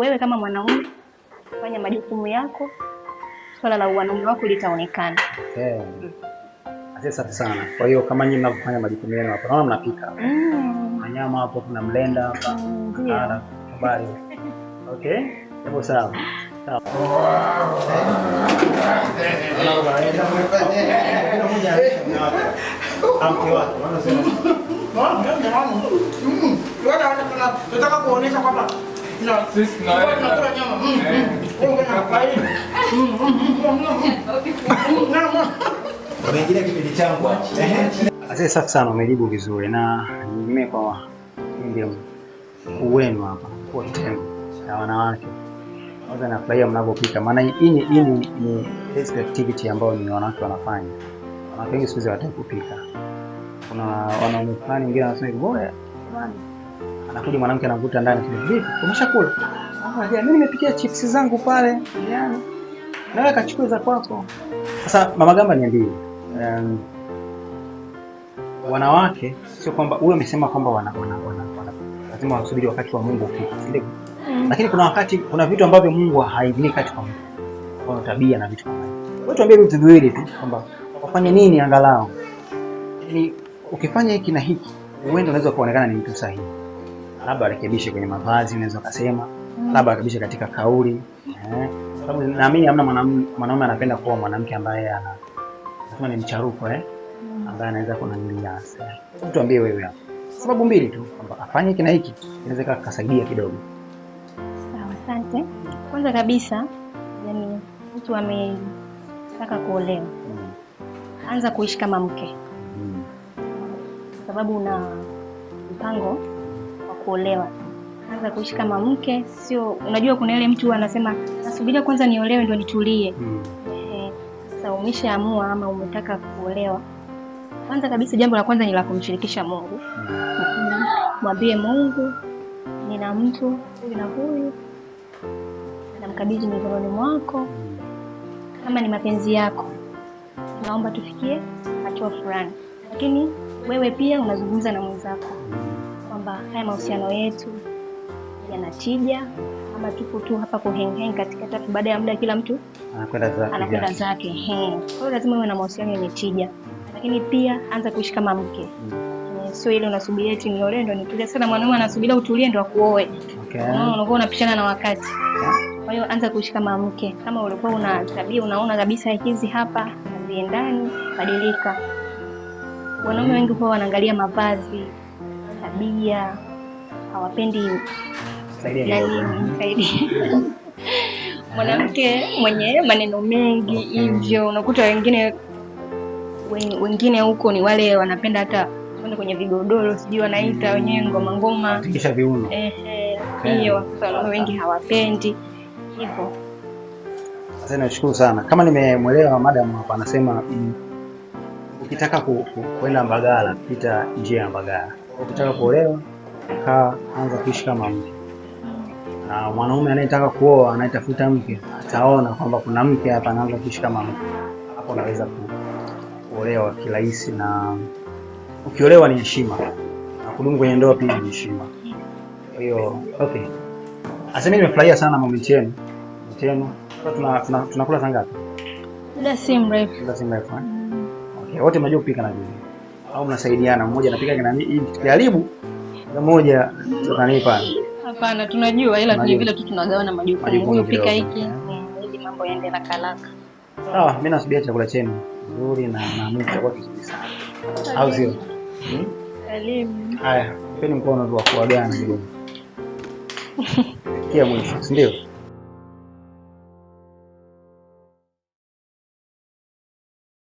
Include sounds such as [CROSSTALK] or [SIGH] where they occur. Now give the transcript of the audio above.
wewe kama mwanaume fanya majukumu yako, swala la wanaume wako litaonekana. Okay. Eh. Mm. Asante sana. Kwa hiyo kama nyinyi mnafanya majukumu yenu hapa, naona mnapika mm. nyama hapo kuna mlenda hapa mm, habari okay, hebu sawa sawa tunataka mm. kuonesha kwamba Asante sana, umejibu vizuri na nimee kwa uwenu wenu hapa wote na wanawake aza nafurahia mnavyopika, maana hii ni activity ambayo ni wanawake wanafanya. Wanawake wengi siku hizi hawataki kupika. Kuna wanaume fulani wengine wanasema bora Anakuja mwanamke anakuta ndani kile vipi, umeshakula? Ah, ya mimi nimepikia chips zangu pale, Yaani. Na wewe kachukua za kwako. Sasa mama gamba, niambie, um, wanawake sio kwamba wewe umesema kwamba wana, wana, wana, lazima wasubiri wakati wa Mungu ufike, Mm. lakini kuna wakati kuna vitu ambavyo Mungu haingii kati kwa mtu, kwa tabia na vitu kama hivyo. Wewe tuambie vitu viwili tu kwamba wafanye nini angalau, yani ukifanya hiki na hiki, uende unaweza kuonekana ni mtu sahihi labda arekebishe kwenye mavazi, unaweza ukasema labda arekebishe katika kauli eh, sababu naamini hamna mwanaume anapenda kuwa mwanamke ambaye ana nasema ni mcharuko eh, ambaye anaweza kunanilia. Tuambie wewe hapo, sababu mbili tu kwamba afanye hiki na hiki, inaweza kaa kasaidia kidogo. Sawa, asante. Kwanza kabisa, yani mtu ametaka kuolewa, anza kuishi kama mke, mm. sababu una mpango kuolewa, anza kuishi kama mke, sio? Unajua kuna ile mtu anasema nasubiria kwanza niolewe ndio nitulie. hmm. E, umeshaamua ama umetaka kuolewa, kwanza kabisa jambo la kwanza ni la kumshirikisha Mungu. hmm. Mwambie Mungu, nina mtu huyu na huyu, namkabidhi mikononi mwako, hmm. kama ni mapenzi yako naomba tufikie hatua fulani, lakini wewe pia unazungumza na mwenzako. Hmm kwamba haya mahusiano yetu yana tija, ama tupo tu hapa katika tatu, baada ya muda kila mtu anakwenda zake. Kwa hiyo lazima uwe na mahusiano yenye tija, mm. lakini pia anza kuishi kama mke hmm. Sio ile unasubiria eti niolewe ndo nitulie. Sana mwanaume anasubiria utulie ndo akuoe, okay. Mm, unakuwa unapishana na wakati. Kwa hiyo anza kuishi kama mke. Kama ulikuwa una tabia unaona kabisa hizi hapa haziendani, badilika. Wanaume wengi huwa wanaangalia mavazi tabia, hawapendi yaani [LAUGHS] mwanamke mwenye maneno mengi hivyo. Unakuta wengine wengine huko ni wale wanapenda hata kwenda kwenye vigodoro, sijui wanaita mm-hmm. wenyewe ngoma ngoma, kisha viuno hiyo. Sasa wengi hawapendi hivyo. Sasa nashukuru sana, kama nimemwelewa madam hapa, anasema mm, ukitaka ku, ku, kwenda Mbagala pita njia ya Mbagala Ukitaka kuolewa, kaa anza kuishi kama mke, na mwanaume anayetaka kuoa anayetafuta mke ataona kwamba kuna mke hapa, anaanza kuishi kama mke. Hapo unaweza kuolewa kirahisi, na ukiolewa ni heshima, na kudumu kwenye ndoa pia ni heshima. Kwa hiyo okay, asante, nimefurahia sana moment yenu tenu. Tunakula tuna, tuna saa ngapi? Muda si mrefu. Muda si mrefu eh? Okay, wote mnajua kupika na vile au mnasaidiana, mmoja anapika hivi karibu na mmoja tukanipa? Hapana, tunajua ila vile vile tu tunagawana majukumu, huyu pika hiki ili mambo yaende na kalaka. Sawa, mimi nasubiria chakula chenu nzuri na naamini chakula kizuri sana, au sio? Salimu. Hmm? Haya, peni mkono tu wa kuagana [LAUGHS] kidogo. Kia mwisho, si ndio?